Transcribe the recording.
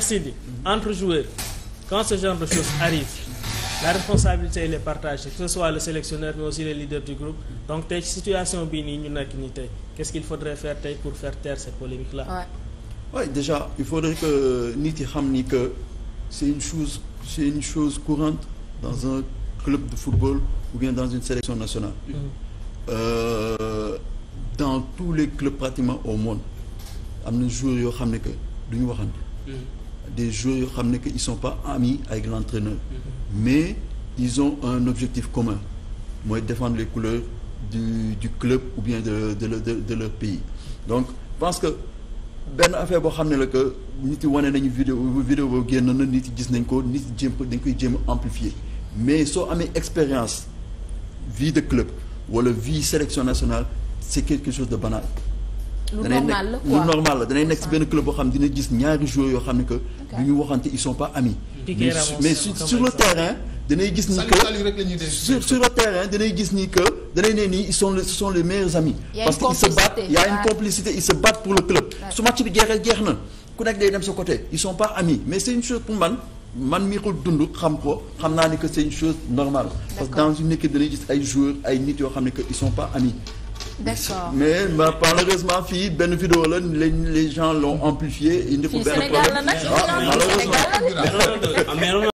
Cheikh Sidi entre joueurs quand ce genre de choses arrive la responsabilité elle est partagée que ce soit le sélectionneur mais aussi les leaders du groupe donc tey situation bii nii ñu nekk nii tey qu'est-ce qu'il faudrait faire tey pour faire taire cette polémique là ouais. déjà il faudrait que nit yi xam ni que c'est une chose une chose courante dans un club de football ou bien dans une sélection nationale mm-hmm. euh, dans tous les clubs pratiquement au monde am na joueurs yoo xam ne que des joueurs yoo xam ne que ils sont pas amis avec l'entraîneur mais ils ont un objectif commun mooy défendre les couleurs du du club ou bien de leur pays donc parce que benn affaire boo xam ne la que nit yi wane nañu vidéo vidéo boobu génn na nit yi gis nañ ko nit yi jéem dañ koy jéem a amplifier mais soo amee expérience vie de club wala vie sélection nationale c'est quelque chose de banal lu normal la quoi danay nekk si benn club boo xam dina gis ñaari joueurs yoo xam ne que. du ñu waxante ils sont pas amis. mais mais sur le terrain. danay gis ni que sur sur le terrain danay gis ni que danay ne nii ils sont les ce sont les meilleurs amis. parce que ils se battent il une complicité ils se battent pour le club. su match bi jeexee jeex na ku nekk day dem sa côté ils sont pas amis mais c'est une chose pour man. man mi ko dund xam ko xam naa ni que c'est une chose normale. parce que dans une gis ay joueurs ay nit yoo xam ne que ils sont pas d'accord mais malheureusement fii benn vidéo la les gens l'ont amplifié indi ko benn problème ah, malheureusement ah,